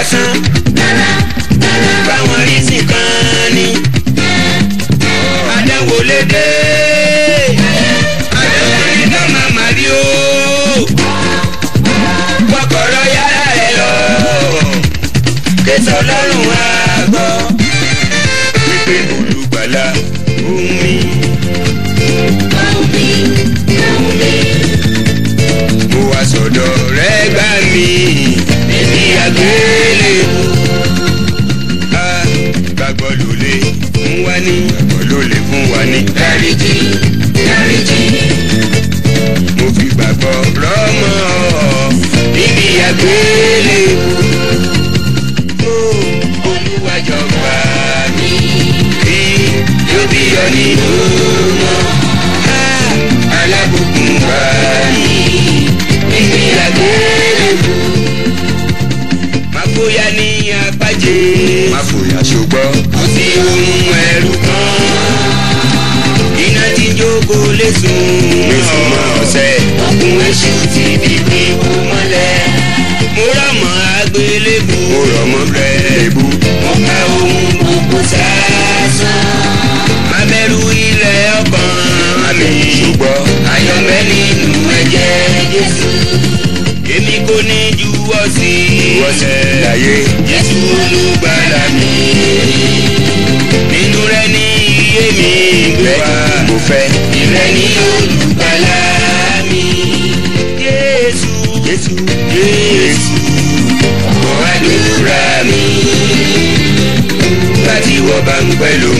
gbẹ̀san báwọn rí sí kan ni àdánwò lédè àdánwò ní dọ́mà màrí o wọkọ̀rọ̀ yàrá ẹ̀ lọ kẹsàn lọ́rùn àgbọ̀ pípé olùgbàlà òun. ọmọ ibi àgbélé o olùwàjọba mi kí yóò bí ọ nínú mọ ká alábùkún wá ní ibi àgbélé o máfòyà ní apájé máfòyà ṣùgbọ́n kò sí ohun ẹ̀rù kan dóbo lè sùn. Èṣù mọ ọ̀sẹ̀. Okùn èṣù ti di kíkú mọ́lẹ̀. Mo rà mọ́ agbélébù. Mo rọ̀ mọ́ agbélébù. Mo ka ohun gbogbo sẹ́sán. Abẹ́rù ilẹ̀ ọkàn. Àmì ìṣùgbọ́. Ayọ̀mẹ́ nínú ẹ̀jẹ̀ Jésù. Èmi kò ní juwọ́ sí. Juwọ́ láyé. Jésù olùgbàlà mi. ìfẹ́ mo fẹ́. ìrẹ́ ni olùgbàlà mi. Jésù Jésù Jésù kò wá lóra mi. bá ti wọ́ bá ń pẹ́ lòun.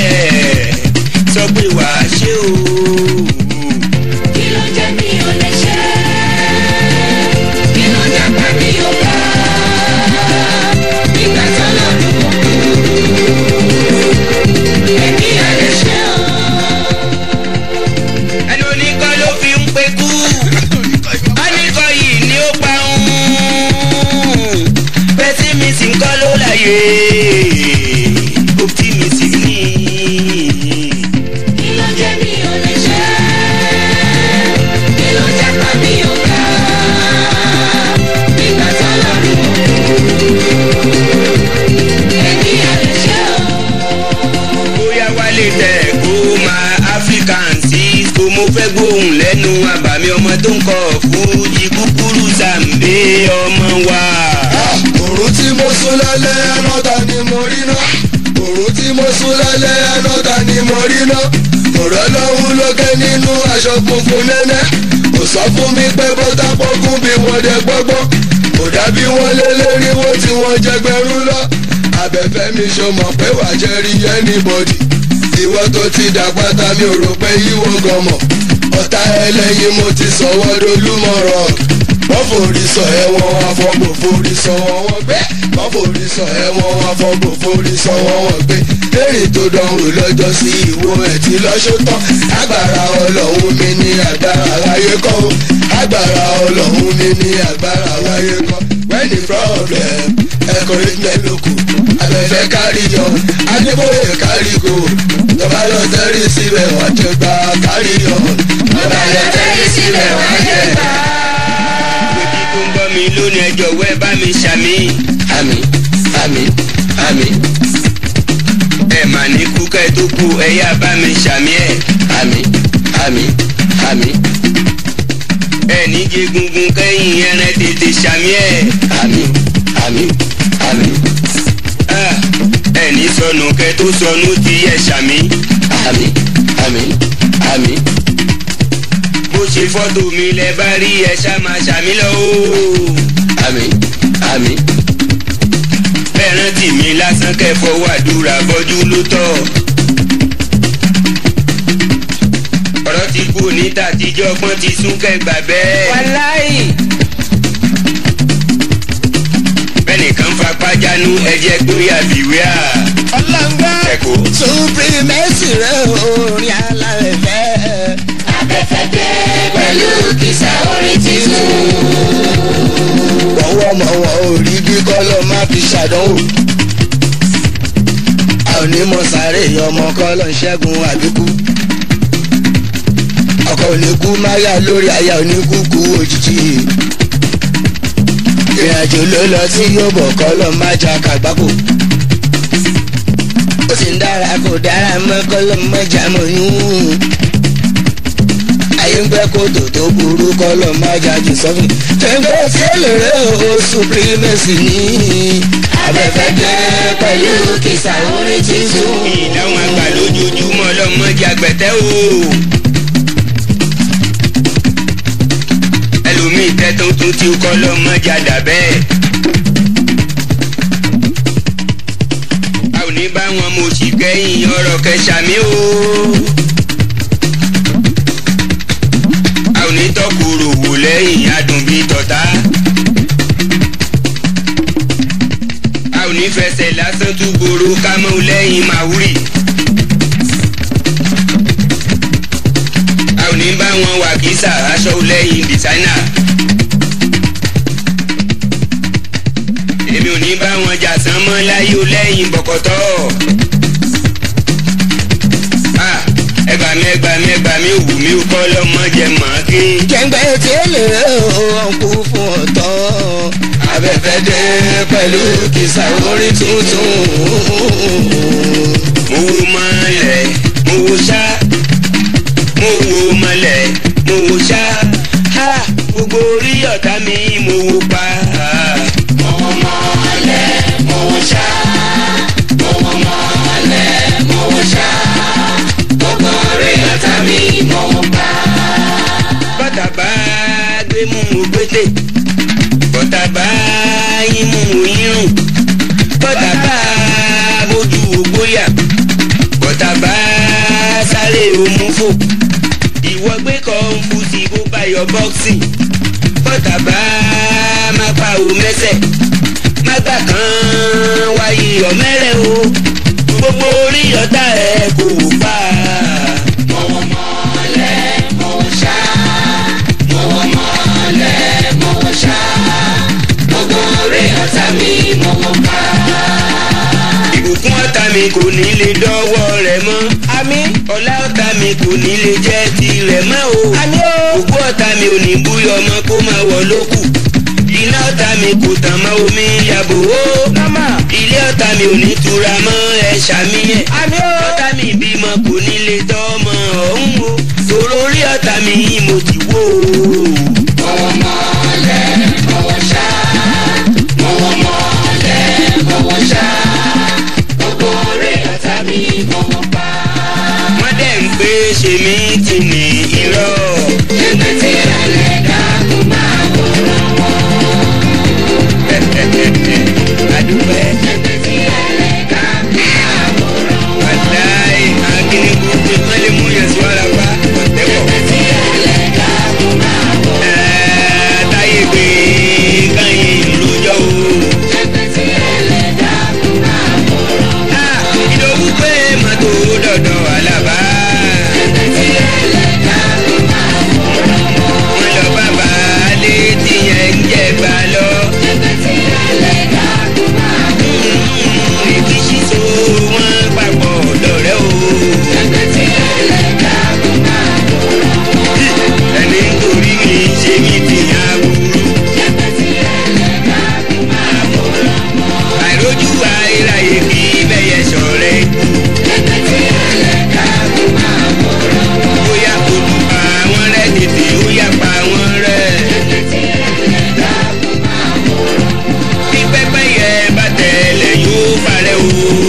tó ń kọ fújì kúkúrú sàǹdé ọmọ wa. òru tí mo sùn lálẹ́ ẹnọ́ta ni mo rí ná. òru tí mo sùn lálẹ́ ẹnọ́ta ni mo rí ná. ọ̀rọ̀ lọ́hùn lókè nínú aṣọ funfun nẹ́nẹ́. kò sọ fún mi pé bọ́tà pọ́kún bí wọ́n dẹ gbọ́gbọ́. kò dàbí wọn lé lérí wo tí wọ́n jẹgbẹ̀rún lọ. abẹ́fẹ́ mi ṣo mọ̀ pé wàá jẹ́rí anybody. ìwọ tó ti dàgbà ta mi ò rò pé yíwọ́ gan mọ̀ ọ̀tá ẹlẹ́yin mo ti sọ̀wọ́ dolúmọ̀rọ̀ wọ́n forí sọ ẹ̀wọ̀n afọ́gbò forí sọ wọ́n wọ́n gbé wọ́n forí sọ ẹ̀wọ̀n afọ́gbò forí sọ wọ́n wọ́n gbé lérè tó dánwò lọ́jọ́ sí ìwo ẹ̀tí lọ́ṣọ́ tán agbára ọlọ́run mi ní agbára láyé kọ́ o agbára ọlọ́run mi ní agbára láyé kọ́ when the problem encouragement ló kù fẹ́ kárí yọ adébóyè kárí go tọ́ba lọ tẹ́rí síbẹ̀ wọ́n ti gbà kárí yọ. tọ́ba lọ tẹ́rí síbẹ̀ wọ́n ti gbà. bébí tó ń bọ́ mi lónìí ẹjọ́ wẹ́ bá mi ṣàmì. àmì àmì àmì. ẹ mà ní kú kẹ́ tó kú ẹ yá bá mi ṣàmì ẹ̀. àmì àmì àmì. ẹ níje gungun kẹ́yìn ẹran tètè ṣàmì ẹ̀. àmì àmì àmì yìí sọnù kẹ tó sọnù ti yẹ sàmì. àmì àmì àmì. bó ṣe fọ́tò mi lẹ bá rí ẹ ṣá máa ṣàmì lọ o. àmì àmì. bẹ́ẹ̀rán tì mí lásán kẹfọ́ wàdúrà bọ́jú ló tọ́. ọ̀rọ̀ ti kú ní tàtijọ́ ọgbọ́n ti sún kẹgbà bẹ́ẹ̀. wàláì. bẹ́ẹ̀nìkan fapá jánu ẹ̀jẹ̀ gbóyà bìwíà. ti ṣàdánwò a ò ní mọ sáré ọmọ kan lọ ṣẹ́gun àbíkú ọkọ ò ní kú máyà lórí aya ò ní kú kú òjijì ìrìnàjò ló lọ sí yóòbọ̀ kọ́ lọ má jà kàgbákò ó sì ń dára kò dára mọ́ kọ́ lọ má jà mọ́ yún ayé ń bẹ́ kòtò tó burú kọ́ lọ má jájú sọ́fìn. tẹ̀gbẹ́ fẹ́lẹ̀ o supremacy ni. abẹ́fẹ́ jẹ́ pẹ̀lú kìsà orin jíjù. ìdáhùn àgbà lójoojúmọ́ lọ́mọdé àgbẹ̀tẹ́ o. ẹlòmíì tẹ́ tuntun tí ó kọ́ lọ́mọdé àdàbẹ́. a ò ní bá wọn mo sì kẹ́yìn ọ̀rọ̀ kẹsàmí o. tọkùrò wò lẹ́yìn adùn bíi tọ̀tá. a ò ní fẹsẹ̀ lásán tún gbòòrò ká mọ́ lẹ́yìn màwúrì. a ò ní bá wọn wà kísà aṣọ lẹ́yìn dìsáínà. èmi ò ní bá wọn jà sánmọ́ láyé lẹ́yìn bọ̀kọ̀tọ́ ẹgbàmí ẹgbàmí ẹgbàmí òwú mi kọ́ lọ́mọdé màákì. kẹ̀ǹgbẹ́ tẹ́lẹ̀ òkú fún ọ̀tọ̀. afẹ́fẹ́ dé pẹ̀lú kìsà orí tuntun. mo wo mọ́lẹ̀ mo wo ṣá mo wo mọ́lẹ̀ mo wo ṣá ha gbogbo orí ọ̀tá mi mo wo pa. mo wo mọ́lẹ̀ mo wo ṣá. pété bọ́tà bá imú yírùn bọ́tà bá bójú ògbóyà bọ́tà bá sáré òmùfò ìwọ gbé kọ́ńfùsì bó bá yọ bọ́ksì bọ́tà bá má pa òun mẹ́sẹ̀ má gbà kán wáyé ọ̀mẹ́rẹ̀ o gbogbo orí ẹ̀ kò fà á. ìbùkún ọ̀tá mi kò ní lè dọ́wọ́ rẹ̀ mọ́. àmì. ọlá ọ̀tá mi kò ní lè jẹ́ tirẹ̀ mọ́ o. àmì o. òkú ọ̀tá mi ò ní búyọ̀ ọmọ kó máa wọ̀ lókù. iná ọ̀tá mi kò tàn mọ́ omi yàgò o. mama. ilé ọ̀tá mi ò ní tura mọ́ ẹ ṣàmìyẹn. àmì o. ọ̀tá mi bímọ kò ní lè tọ́ ọmọ ọ̀hún o. sòrò orí ọ̀tá mi yìí mo ti wó o. I do bad. you.